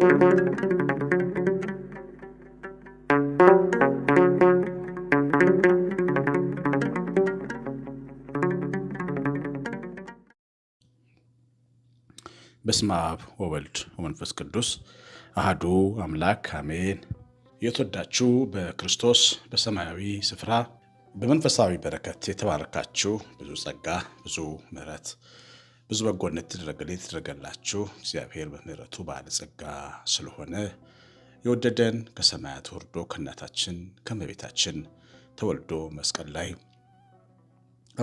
በስመ አብ ወወልድ ወመንፈስ ቅዱስ አህዱ አምላክ አሜን። የተወዳችሁ በክርስቶስ በሰማያዊ ስፍራ በመንፈሳዊ በረከት የተባረካችሁ ብዙ ጸጋ ብዙ ምሕረት ብዙ በጎነት የተደረገላችሁ እግዚአብሔር በምሕረቱ ባለጸጋ ስለሆነ የወደደን ከሰማያት ወርዶ ከእናታችን ከመቤታችን ተወልዶ መስቀል ላይ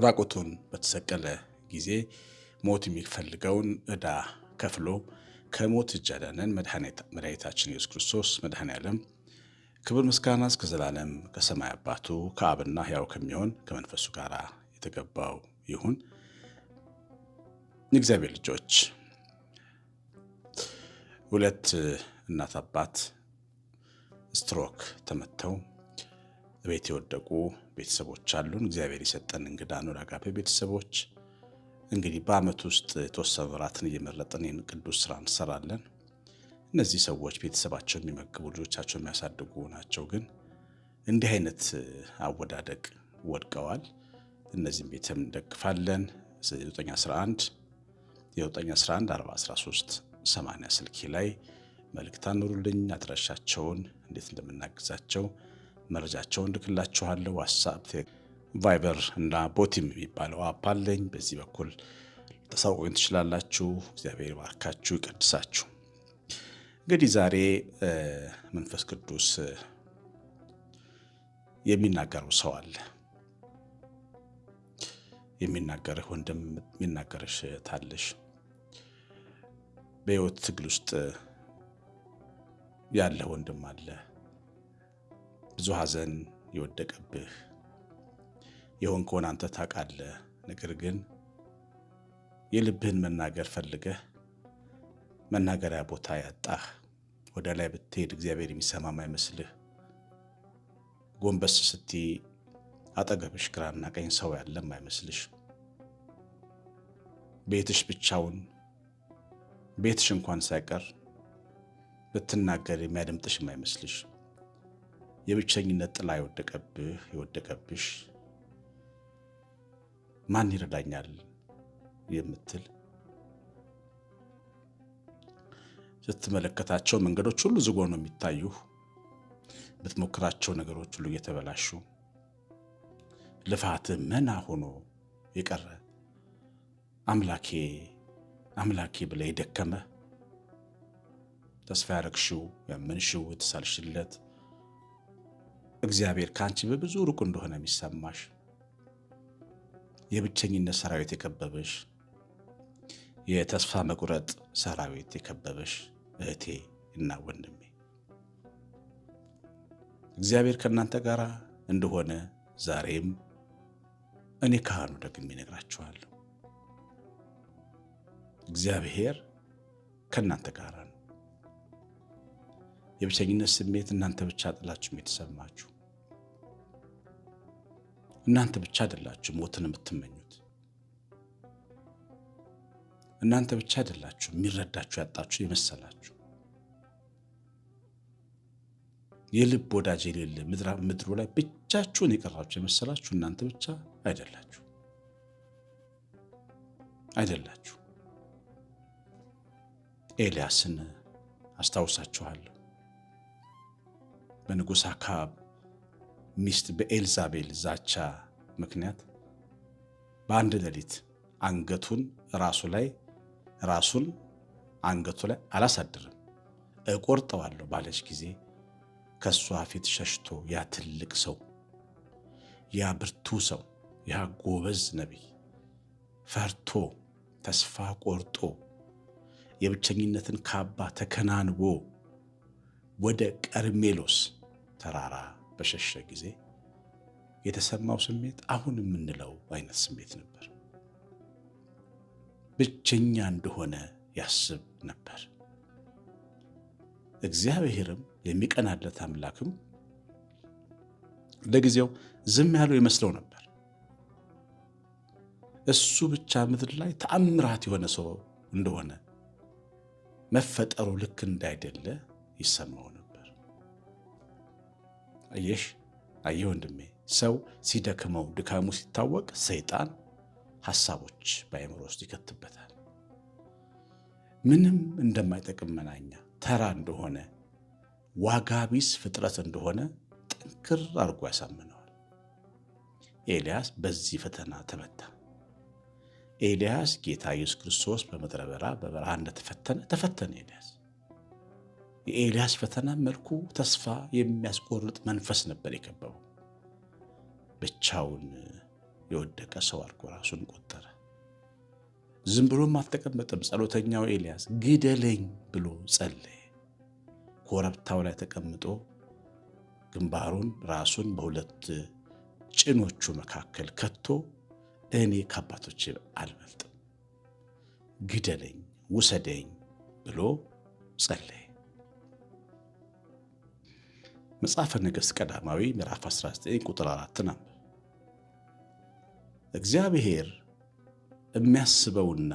ራቁቱን በተሰቀለ ጊዜ ሞት የሚፈልገውን ዕዳ ከፍሎ ከሞት እጅ ያዳነን መድኃኒታችን ኢየሱስ ክርስቶስ መድኃኔ ዓለም ክብር ምስጋና እስከ ዘላለም ከሰማይ አባቱ ከአብና ሕያው ከሚሆን ከመንፈሱ ጋር የተገባው ይሁን። እግዚአብሔር ልጆች ሁለት እናት አባት ስትሮክ ተመተው ቤት የወደቁ ቤተሰቦች አሉን። እግዚአብሔር የሰጠን እንግዳ ነው። ለአጋፔ ቤተሰቦች እንግዲህ በዓመት ውስጥ የተወሰኑ ወራትን እየመረጥን ይህን ቅዱስ ስራ እንሰራለን። እነዚህ ሰዎች ቤተሰባቸውን የሚመግቡ ልጆቻቸው የሚያሳድጉ ናቸው። ግን እንዲህ አይነት አወዳደቅ ወድቀዋል። እነዚህም ቤተሰብ እንደግፋለን 911 911 4013 ስልኬ ላይ መልእክት አኑሩልኝ። አድራሻቸውን እንዴት እንደምናግዛቸው መረጃቸውን ልክላችኋለሁ። ዋትሳፕ፣ ቫይበር እና ቦቲም የሚባለው አፕ አለኝ። በዚህ በኩል ታሳውቁኝ ትችላላችሁ። እግዚአብሔር ይባርካችሁ፣ ይቀድሳችሁ። እንግዲህ ዛሬ መንፈስ ቅዱስ የሚናገረው ሰው አለ። የሚናገርህ ወንድም፣ የሚናገርሽ ታለሽ በህይወት ትግል ውስጥ ያለህ ወንድም አለ። ብዙ ሀዘን የወደቀብህ የሆን ከሆን አንተ ታውቃለህ። ነገር ግን የልብህን መናገር ፈልገህ መናገሪያ ቦታ ያጣህ ወደ ላይ ብትሄድ እግዚአብሔር የሚሰማም አይመስልህ። ጎንበስ ስቲ አጠገብሽ ግራና ቀኝ ሰው ያለም አይመስልሽ። ቤትሽ ብቻውን ቤትሽ እንኳን ሳይቀር ብትናገር የሚያደምጥሽ የማይመስልሽ የብቸኝነት ጥላ የወደቀብህ የወደቀብሽ ማን ይረዳኛል የምትል ስትመለከታቸው መንገዶች ሁሉ ዝጎ ነው የሚታዩ ብትሞክራቸው ነገሮች ሁሉ እየተበላሹ ልፋት መና ሆኖ የቀረ አምላኬ አምላኬ ብለ የደከመ ተስፋ ያረግሽው ያመንሽው የተሳልሽለት እግዚአብሔር ከአንቺ በብዙ ሩቅ እንደሆነ የሚሰማሽ የብቸኝነት ሰራዊት የከበበሽ የተስፋ መቁረጥ ሰራዊት የከበበሽ እህቴ እና ወንድሜ እግዚአብሔር ከእናንተ ጋር እንደሆነ ዛሬም እኔ ካህኑ ደግሜ ይነግራችኋለሁ። እግዚአብሔር ከእናንተ ጋር ነው። የብቸኝነት ስሜት እናንተ ብቻ ጥላችሁም የተሰማችሁ እናንተ ብቻ አይደላችሁ ሞትን የምትመኙት እናንተ ብቻ አይደላችሁ የሚረዳችሁ ያጣችሁ የመሰላችሁ የልብ ወዳጅ የሌለ ምድሩ ላይ ብቻችሁን የቀራችሁ የመሰላችሁ እናንተ ብቻ አይደላችሁ አይደላችሁ ኤልያስን አስታውሳችኋለሁ። በንጉሥ አካብ ሚስት በኤልዛቤል ዛቻ ምክንያት በአንድ ሌሊት አንገቱን ራሱ ላይ ራሱን አንገቱ ላይ አላሳድርም እቆርጠዋለሁ ባለች ጊዜ ከእሷ ፊት ሸሽቶ ያ ትልቅ ሰው ያ ብርቱ ሰው ያ ጎበዝ ነቢይ ፈርቶ ተስፋ ቆርጦ የብቸኝነትን ካባ ተከናንቦ ወደ ቀርሜሎስ ተራራ በሸሸ ጊዜ የተሰማው ስሜት አሁን የምንለው አይነት ስሜት ነበር። ብቸኛ እንደሆነ ያስብ ነበር። እግዚአብሔርም የሚቀናለት አምላክም ለጊዜው ዝም ያለው ይመስለው ነበር። እሱ ብቻ ምድር ላይ ተአምራት የሆነ ሰው እንደሆነ መፈጠሩ ልክ እንዳይደለ ይሰማው ነበር። አየሽ አየ ወንድሜ፣ ሰው ሲደክመው ድካሙ ሲታወቅ ሰይጣን ሐሳቦች በአእምሮ ውስጥ ይከትበታል። ምንም እንደማይጠቅም መናኛ፣ ተራ እንደሆነ ዋጋ ቢስ ፍጥረት እንደሆነ ጥንክር አድርጎ ያሳምነዋል። ኤልያስ በዚህ ፈተና ተመታ። ኤልያስ ጌታ ኢየሱስ ክርስቶስ በምድረ በዳ በበረሃ እንደተፈተነ ተፈተነ። ኤልያስ የኤልያስ ፈተና መልኩ ተስፋ የሚያስቆርጥ መንፈስ ነበር የከበበው። ብቻውን የወደቀ ሰው አድርጎ ራሱን ቆጠረ። ዝም ብሎም አልተቀመጠም። ጸሎተኛው ኤልያስ ግደለኝ ብሎ ጸለየ። ኮረብታው ላይ ተቀምጦ ግንባሩን ራሱን በሁለት ጭኖቹ መካከል ከቶ እኔ ከአባቶች አልበልጥም፣ ግደለኝ፣ ውሰደኝ ብሎ ጸለየ። መጽሐፈ ነገሥት ቀዳማዊ ምዕራፍ 19 ቁጥር 4 ነው። እግዚአብሔር የሚያስበውና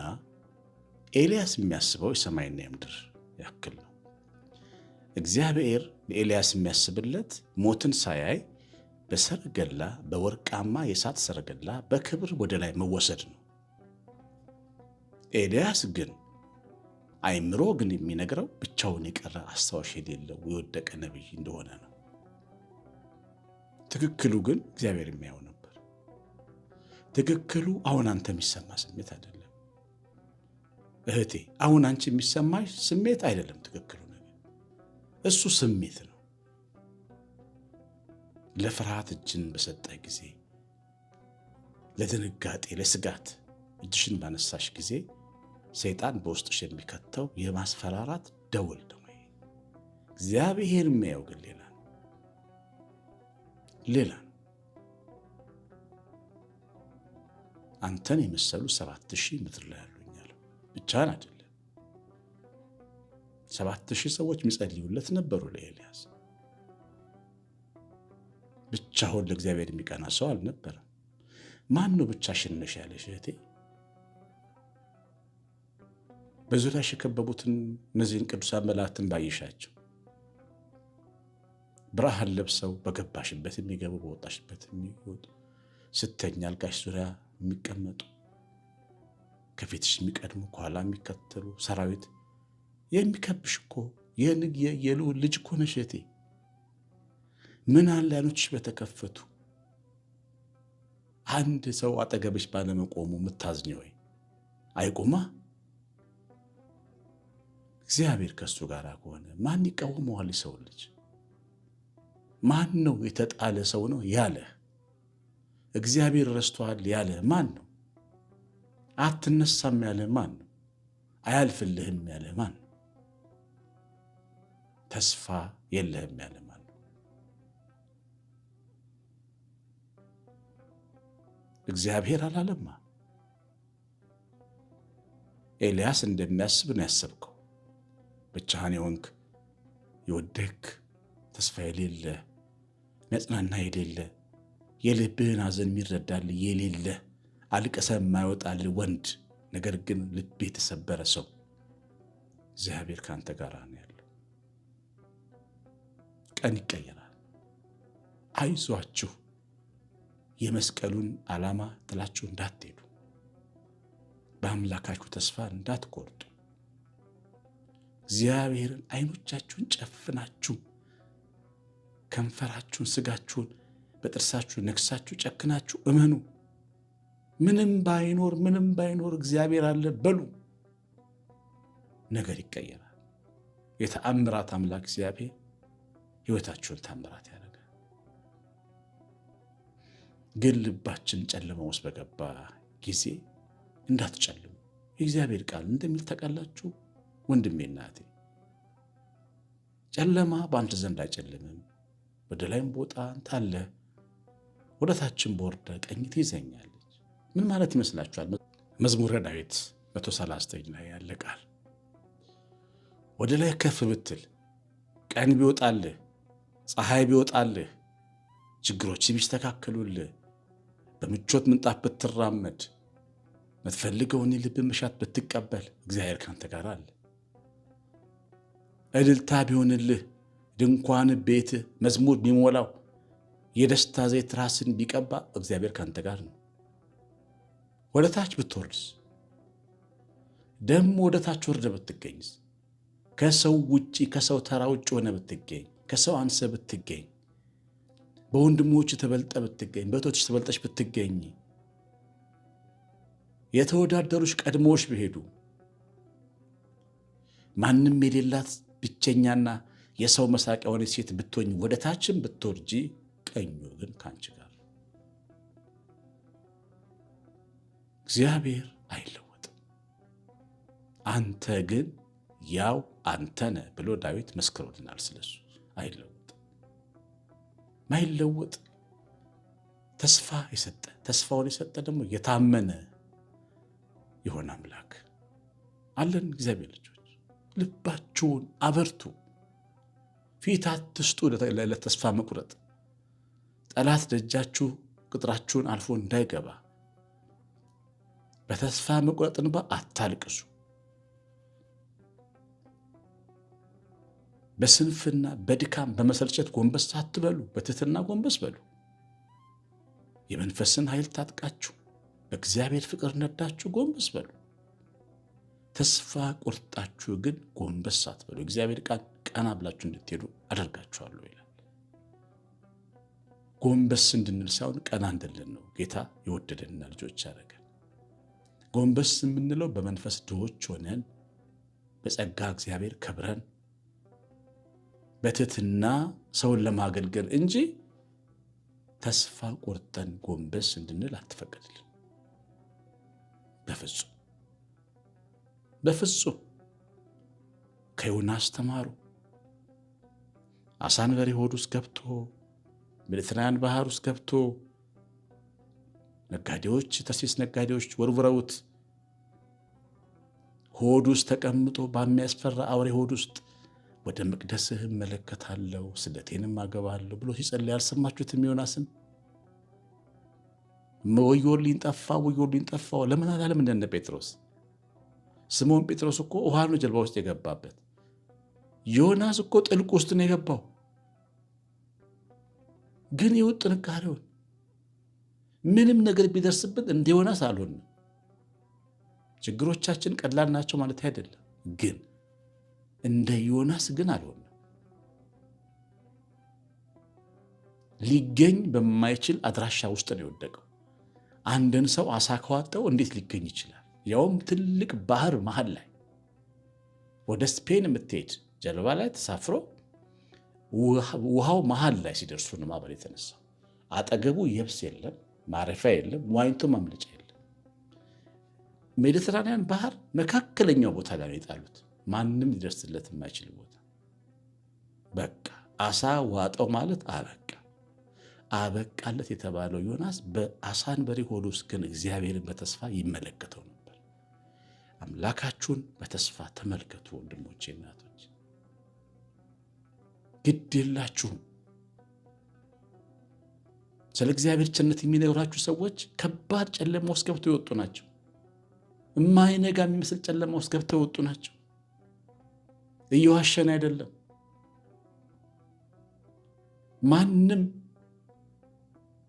ኤልያስ የሚያስበው የሰማይና የምድር ያክል ነው። እግዚአብሔር ለኤልያስ የሚያስብለት ሞትን ሳያይ በሰረገላ በወርቃማ የእሳት ሰረገላ በክብር ወደ ላይ መወሰድ ነው። ኤልያስ ግን አይምሮ ግን የሚነግረው ብቻውን የቀረ አስታዋሽ የሌለው የወደቀ ነቢይ እንደሆነ ነው። ትክክሉ ግን እግዚአብሔር የሚያየው ነበር። ትክክሉ አሁን አንተ የሚሰማ ስሜት አይደለም እህቴ፣ አሁን አንቺ የሚሰማሽ ስሜት አይደለም። ትክክሉ ነገር እሱ ስሜት ነው። ለፍርሃት እጅን በሰጠ ጊዜ፣ ለድንጋጤ ለስጋት እጅሽን ባነሳሽ ጊዜ ሰይጣን በውስጥሽ የሚከተው የማስፈራራት ደውል ነው። እግዚአብሔር የሚያየው ግን ሌላ ሌላ አንተን የመሰሉ ሰባት ሺህ ምድር ላይ ያሉኛል ብቻን አይደለም። ሰባት ሺህ ሰዎች የሚጸልዩለት ነበሩ ለኤልያስ ብቻውን ለእግዚአብሔር የሚቀና ሰው አልነበረም። ማን ነው ብቻሽን ነሽ ያለሽ? እህቴ በዙሪያሽ የከበቡትን እነዚህን ቅዱሳን መላእክትን ባየሻቸው ብርሃን ለብሰው በገባሽበት የሚገቡ በወጣሽበት የሚወጡ ስተኛ አልጋሽ ዙሪያ የሚቀመጡ ከፊትሽ የሚቀድሙ ከኋላ የሚከተሉ ሰራዊት የሚከብሽ እኮ የልዑል ልጅ እኮ ነሽ እህቴ። ምን አላኖች በተከፈቱ አንድ ሰው አጠገብሽ ባለመቆሙ የምታዝኝ ወይ? አይቆማ። እግዚአብሔር ከሱ ጋር ከሆነ ማን ይቃወመዋል? ሰው ልጅ ማን ነው? የተጣለ ሰው ነው ያለ እግዚአብሔር ረስቶሃል ያለ ማን ነው? አትነሳም ያለ ማን ነው? አያልፍልህም ያለ ማን ነው? ተስፋ የለህም ያለ እግዚአብሔር አላለማ። ኤልያስ እንደሚያስብ ነው ያሰብከው። ብቻህን የሆንክ የወደክ ተስፋ የሌለ መጽናና የሌለ የልብህን ሐዘን የሚረዳል የሌለ አልቀሰ የማይወጣል ወንድ፣ ነገር ግን ልብ የተሰበረ ሰው እግዚአብሔር ከአንተ ጋር ነው ያለው። ቀን ይቀየራል። አይዟችሁ የመስቀሉን ዓላማ ጥላችሁ እንዳትሄዱ፣ በአምላካችሁ ተስፋ እንዳትቆርጡ፣ እግዚአብሔርን አይኖቻችሁን ጨፍናችሁ ከንፈራችሁን ስጋችሁን በጥርሳችሁ ነክሳችሁ ጨክናችሁ እመኑ። ምንም ባይኖር ምንም ባይኖር እግዚአብሔር አለ በሉ። ነገር ይቀየራል። የተአምራት አምላክ እግዚአብሔር ህይወታችሁን ታምራት ያለ ግን ልባችን ጨለማ ውስጥ በገባ ጊዜ እንዳትጨልሙ የእግዚአብሔር ቃል እንደሚል ታውቃላችሁ ወንድሜ እናቴ። ጨለማ በአንድ ዘንድ አይጨልምም። ወደ ላይም ቦጣ ታለ ወደ ታችን ቦርደ ቀኝ ትይዘኛለች። ምን ማለት ይመስላችኋል? መዝሙረ ዳዊት 139 ላይ ያለ ቃል ወደ ላይ ከፍ ብትል ቀን ቢወጣልህ፣ ፀሐይ ቢወጣልህ፣ ችግሮች ቢስተካከሉልህ በምቾት ምንጣፍ ብትራመድ የምትፈልገውን ልብ መሻት ብትቀበል እግዚአብሔር ካንተ ጋር አለ። እልልታ ቢሆንልህ ድንኳን ቤት መዝሙር ቢሞላው የደስታ ዘይት ራስን ቢቀባ እግዚአብሔር ካንተ ጋር ነው። ወደ ታች ብትወርድስ ደግሞ ወደ ታች ወርደ ብትገኝስ ከሰው ውጭ ከሰው ተራ ውጭ ሆነ ብትገኝ ከሰው አንሰ ብትገኝ በወንድሞች ተበልጠ ብትገኝ፣ በእህቶች ተበልጠች ብትገኝ፣ የተወዳደሩች ቀድሞዎች ቢሄዱ፣ ማንም የሌላት ብቸኛና የሰው መሳቂያ የሆነች ሴት ብትሆኝ፣ ወደ ታችም ብትወርጂ፣ ቀኙ ግን ከአንቺ ጋር። እግዚአብሔር አይለወጥም፣ አንተ ግን ያው አንተነ ብሎ ዳዊት መስክሮልናል። ስለሱ አይለወጥም። ማይለወጥ ተስፋ የሰጠ ተስፋውን የሰጠ ደግሞ የታመነ የሆነ አምላክ አለን። እግዚአብሔር ልጆች ልባችሁን አበርቱ፣ ፊት አትስጡ ለተስፋ መቁረጥ። ጠላት ደጃችሁ ቅጥራችሁን አልፎ እንዳይገባ በተስፋ መቁረጥ እንባ አታልቅሱ። በስንፍና በድካም በመሰልቸት ጎንበስ ሳትበሉ በትህትና ጎንበስ በሉ። የመንፈስን ኃይል ታጥቃችሁ በእግዚአብሔር ፍቅር ነዳችሁ ጎንበስ በሉ። ተስፋ ቆርጣችሁ ግን ጎንበስ ሳትበሉ እግዚአብሔር ቃል ቀና ብላችሁ እንድትሄዱ አደርጋችኋለሁ ይላል። ጎንበስ እንድንል ሳይሆን ቀና እንድንል ነው ጌታ የወደደንና ልጆች ያደረገን። ጎንበስ የምንለው በመንፈስ ድሆች ሆነን በጸጋ እግዚአብሔር ከብረን በትትና ሰውን ለማገልገል እንጂ ተስፋ ቆርጠን ጎንበስ እንድንል አትፈቀድልን። በፍጹም በፍጹም። ከዮናስ አስተማሩ አሳን በሬ ሆድ ውስጥ ገብቶ ሜዲትራንያን ባህር ውስጥ ገብቶ ነጋዴዎች፣ ተርሴስ ነጋዴዎች ወርውረውት ሆድ ውስጥ ተቀምጦ በሚያስፈራ አውሬ ሆድ ውስጥ ወደ መቅደስህ እመለከታለሁ፣ ስደቴንም አገባለሁ ብሎ ሲጸልይ አልሰማችሁትም? ዮናስን ወዮልኝ ጠፋ፣ ወዮልኝ ጠፋ ለምን አላለም? እንደነ ጴጥሮስ። ስምዖን ጴጥሮስ እኮ ውሃ ነው ጀልባ ውስጥ የገባበት። ዮናስ እኮ ጥልቅ ውስጥ ነው የገባው። ግን የውጥ ጥንካሬውን ምንም ነገር ቢደርስብን እንደ ዮናስ አልሆንም። ችግሮቻችን ቀላል ናቸው ማለት አይደለም ግን እንደ ዮናስ ግን አልሆነ። ሊገኝ በማይችል አድራሻ ውስጥ ነው የወደቀው። አንድን ሰው አሳ ከዋጠው እንዴት ሊገኝ ይችላል? ያውም ትልቅ ባህር መሀል ላይ ወደ ስፔን የምትሄድ ጀልባ ላይ ተሳፍሮ ውሃው መሀል ላይ ሲደርሱ ነው ማዕበል የተነሳው። አጠገቡ የብስ የለም፣ ማረፊያ የለም፣ ዋኝቶ ማምለጫ የለም። ሜዲትራንያን ባህር መካከለኛው ቦታ ላይ ነው የጣሉት። ማንም ሊደርስለት የማይችል ቦታ በቃ አሳ ዋጠው ማለት አበቃ አበቃለት የተባለው ዮናስ በአሳንበሪ ሆዱ ውስጥ ግን እግዚአብሔርን በተስፋ ይመለከተው ነበር። አምላካችሁን በተስፋ ተመልከቱ ወንድሞቼ፣ እናቶች ግድ የላችሁም። ስለ እግዚአብሔር ቸርነት የሚነግራችሁ ሰዎች ከባድ ጨለማ ውስጥ ገብተው የወጡ ናቸው። የማይነጋ የሚመስል ጨለማ ውስጥ ገብተው የወጡ ናቸው። እየዋሸን አይደለም። ማንም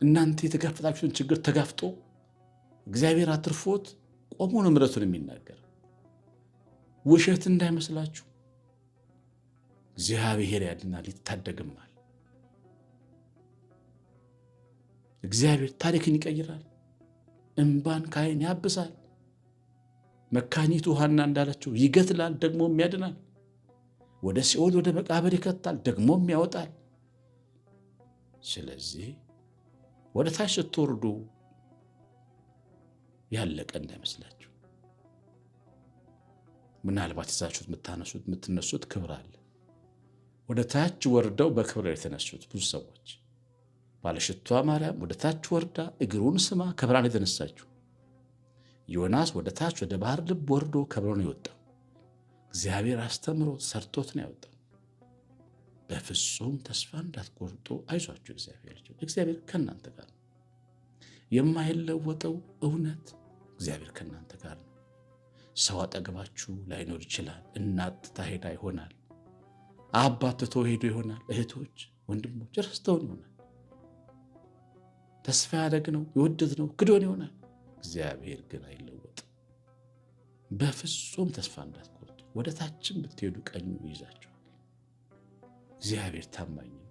እናንተ የተጋፈጣችሁን ችግር ተጋፍጦ እግዚአብሔር አትርፎት ቆሞ ነው ምሕረቱን የሚናገር። ውሸት እንዳይመስላችሁ እግዚአብሔር ያድናል፣ ይታደግማል። እግዚአብሔር ታሪክን ይቀይራል፣ እንባን ከዓይን ያብሳል። መካኒቱ ሐና እንዳለችው ይገትላል፣ ደግሞም ያድናል። ወደ ሲኦል ወደ መቃብር ይከታል፣ ደግሞም ያወጣል። ስለዚህ ወደ ታች ስትወርዱ ያለቀ እንዳይመስላችሁ። ምናልባት ይዛችሁት የምታነሱት የምትነሱት ክብር አለ። ወደ ታች ወርደው በክብር የተነሱት ብዙ ሰዎች ባለሽቷ ማርያም ወደ ታች ወርዳ እግሩን ስማ ከብራን የተነሳችው ዮናስ ወደ ታች ወደ ባህር ልብ ወርዶ ነው ይወጣው እግዚአብሔር አስተምሮ ሰርቶት ነው ያወጣው። በፍጹም ተስፋ እንዳትቆርጡ፣ አይዟችሁ እግዚአብሔር ልጆች፣ እግዚአብሔር ከእናንተ ጋር ነው። የማይለወጠው እውነት እግዚአብሔር ከእናንተ ጋር ነው። ሰው አጠገባችሁ ላይኖር ይችላል። እናት ታሄዳ ሄዳ ይሆናል። አባት ትቶ ሄዶ ይሆናል። እህቶች፣ ወንድሞች ረስተውን ይሆናል። ተስፋ ነው ያደረግነው ነው ክዶን ይሆናል። እግዚአብሔር ግን አይለወጥም። በፍጹም ተስፋ እንዳት ወደ ታችም ብትሄዱ ቀኙ ይይዛችኋል። እግዚአብሔር ታማኝ ነው።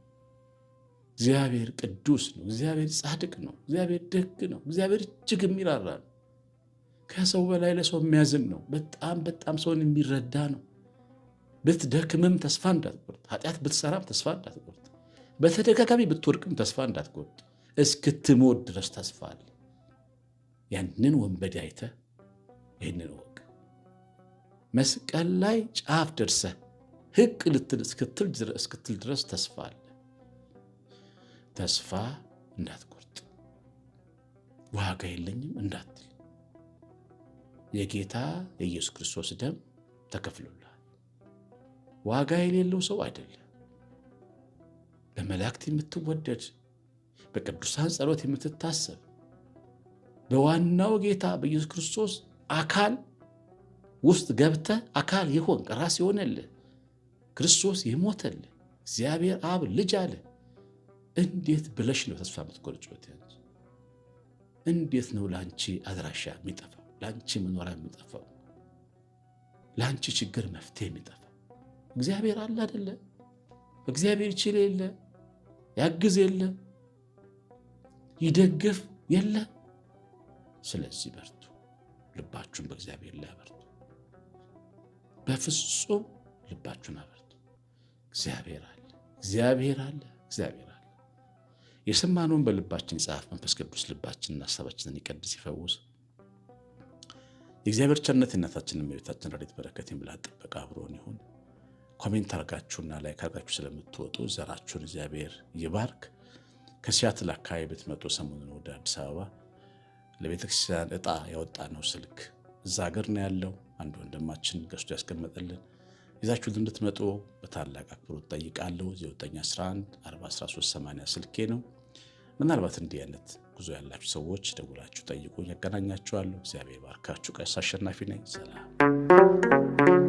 እግዚአብሔር ቅዱስ ነው። እግዚአብሔር ጻድቅ ነው። እግዚአብሔር ደግ ነው። እግዚአብሔር እጅግ የሚራራ ነው። ከሰው በላይ ለሰው የሚያዝን ነው። በጣም በጣም ሰውን የሚረዳ ነው። ብትደክምም ተስፋ እንዳትቆርጥ፣ ኃጢአት ብትሰራም ተስፋ እንዳትቆርጥ፣ በተደጋጋሚ ብትወድቅም ተስፋ እንዳትቆርጥ፣ እስክትሞት ድረስ ተስፋ አለ። ያንን ወንበዴ አይተህ ይህንን መስቀል ላይ ጫፍ ደርሰህ ህቅ ልትል እስክትል ድረስ ተስፋ አለ። ተስፋ እንዳትቆርጥ፣ ዋጋ የለኝም እንዳትል የጌታ የኢየሱስ ክርስቶስ ደም ተከፍሎልሃል። ዋጋ የሌለው ሰው አይደለም። በመላእክት የምትወደድ፣ በቅዱሳን ጸሎት የምትታሰብ፣ በዋናው ጌታ በኢየሱስ ክርስቶስ አካል ውስጥ ገብተ አካል የሆንክ ራስ የሆነልህ ክርስቶስ የሞተል እግዚአብሔር አብ ልጅ አለ። እንዴት ብለሽ ነው ተስፋ የምትቆርጭበት? እንዴት ነው ለአንቺ አድራሻ የሚጠፋው? ለአንቺ መኖሪያ የሚጠፋው? ለአንቺ ችግር መፍትሄ የሚጠፋው? እግዚአብሔር አለ አደለ? እግዚአብሔር ይችል የለ? ያግዝ የለ? ይደግፍ የለ? ስለዚህ በርቱ፣ ልባችሁን በእግዚአብሔር ላይ በርቱ። በፍጹም ልባችሁን አበርቱ። እግዚአብሔር አለ፣ እግዚአብሔር አለ፣ እግዚአብሔር አለ። የሰማነውን በልባችን ይጻፍ። መንፈስ ቅዱስ ልባችንና ሀሳባችንን ይቀድስ፣ ይፈውስ። የእግዚአብሔር ቸርነት እናታችንን መቤታችን ረድኤት በረከት የምላት ጥበቃ አብሮን ይሁን። ኮሜንት አርጋችሁና ላይክ አርጋችሁ ስለምትወጡ ዘራችሁን እግዚአብሔር ይባርክ። ከሲያትል አካባቢ ብትመጡ ሰሞኑን ወደ አዲስ አበባ ለቤተክርስቲያን እጣ ያወጣ ነው ስልክ እዛ ሀገር ነው ያለው አንድ ወንድማችን ገዝቶ ያስቀመጠልን ይዛችሁ እንድትመጡ በታላቅ አክብሮት ጠይቃለሁ። 0911 4380 ስልኬ ነው። ምናልባት እንዲህ አይነት ጉዞ ያላችሁ ሰዎች ደውላችሁ ጠይቁ፣ ያገናኛችኋለሁ። እግዚአብሔር ባርካችሁ። ቀሲስ አሸናፊ ነኝ። ሰላም